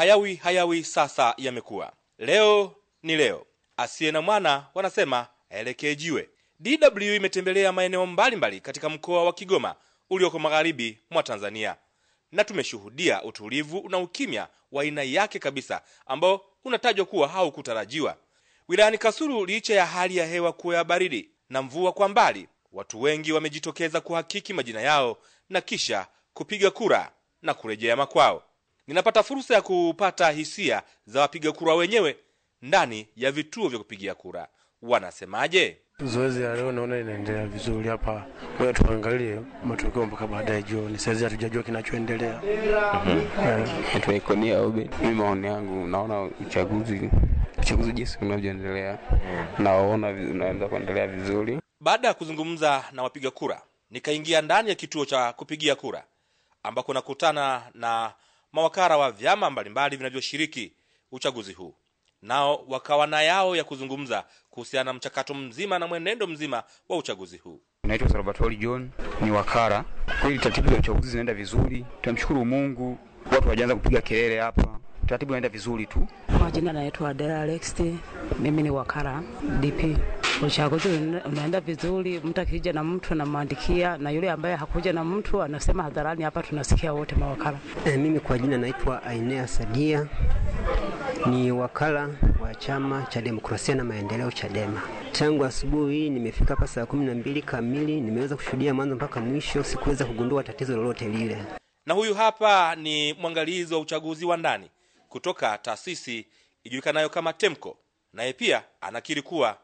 hayawi hayawi, sasa yamekuwa. Leo ni leo, asiye na mwana wanasema aelekee jiwe. DW imetembelea maeneo mbalimbali katika mkoa wa Kigoma ulioko magharibi mwa Tanzania, na tumeshuhudia utulivu na ukimya wa aina yake kabisa ambao unatajwa kuwa haukutarajiwa wilayani kasuru Licha ya hali ya hewa kuwa ya baridi na mvua kwa mbali, watu wengi wamejitokeza kuhakiki majina yao na kisha kupiga kura na kurejea makwao ninapata fursa ya kupata hisia za wapiga kura wenyewe ndani ya vituo vya kupigia kura. Wanasemaje? Zoezi ya leo naona inaendelea vizuri hapa, ngoja tuangalie matokeo mpaka baadaye jioni. Saizi hatujajua kinachoendelea. Tuikonia mhm. eh. obe, mimi maoni yangu naona uchaguzi uchaguzi jinsi unavyoendelea, mm. naona unaweza kuendelea vizuri. Baada ya kuzungumza na wapiga kura, nikaingia ndani ya kituo cha kupigia kura ambako nakutana na mawakala wa vyama mbalimbali vinavyoshiriki uchaguzi huu, nao wakawa na yao ya kuzungumza kuhusiana na mchakato mzima na mwenendo mzima wa uchaguzi huu. Naitwa Salvatore John, ni wakara. Kweli taratibu za uchaguzi zinaenda vizuri, tunamshukuru Mungu. Watu wajaanza kupiga kelele hapa, taratibu inaenda vizuri tu. Majina naitwa Adela alexi mimi ni wakara DP uchaguzi unaenda vizuri, mtu akija na mtu anamwandikia, na yule ambaye hakuja na mtu anasema hadharani, hapa tunasikia wote mawakala. E, mimi kwa jina naitwa Ainea Sadia, ni wakala wa chama cha demokrasia na maendeleo CHADEMA. Tangu asubuhi hii nimefika hapa saa kumi na mbili kamili, nimeweza kushuhudia mwanzo mpaka mwisho, sikuweza kugundua tatizo lolote lile. Na huyu hapa ni mwangalizi wa uchaguzi wa ndani kutoka taasisi ijulikanayo kama TEMCO, naye pia anakiri kuwa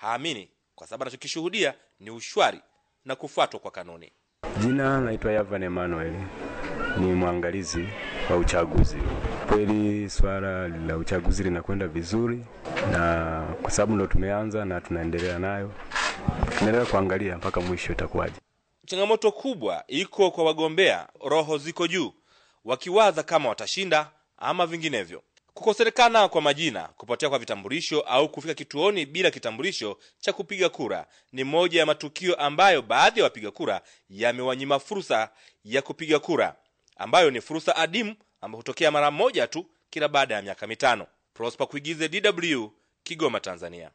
haamini kwa sababu anachokishuhudia ni ushwari na kufuatwa kwa kanuni. Jina naitwa Yavan Emmanuel, ni mwangalizi wa uchaguzi. Kweli swala la uchaguzi linakwenda vizuri, na kwa sababu ndo tumeanza na tunaendelea nayo, tunaendelea kuangalia mpaka mwisho itakuwaje. Changamoto kubwa iko kwa wagombea, roho ziko juu, wakiwaza kama watashinda ama vinginevyo. Kukosekana kwa majina, kupotea kwa vitambulisho au kufika kituoni bila kitambulisho cha kupiga kura ni moja ya matukio ambayo baadhi ya wapiga kura yamewanyima fursa ya kupiga kura, ambayo ni fursa adimu ambayo hutokea mara moja tu kila baada ya miaka mitano. prospa Kuigize, DW, Kigoma, Tanzania.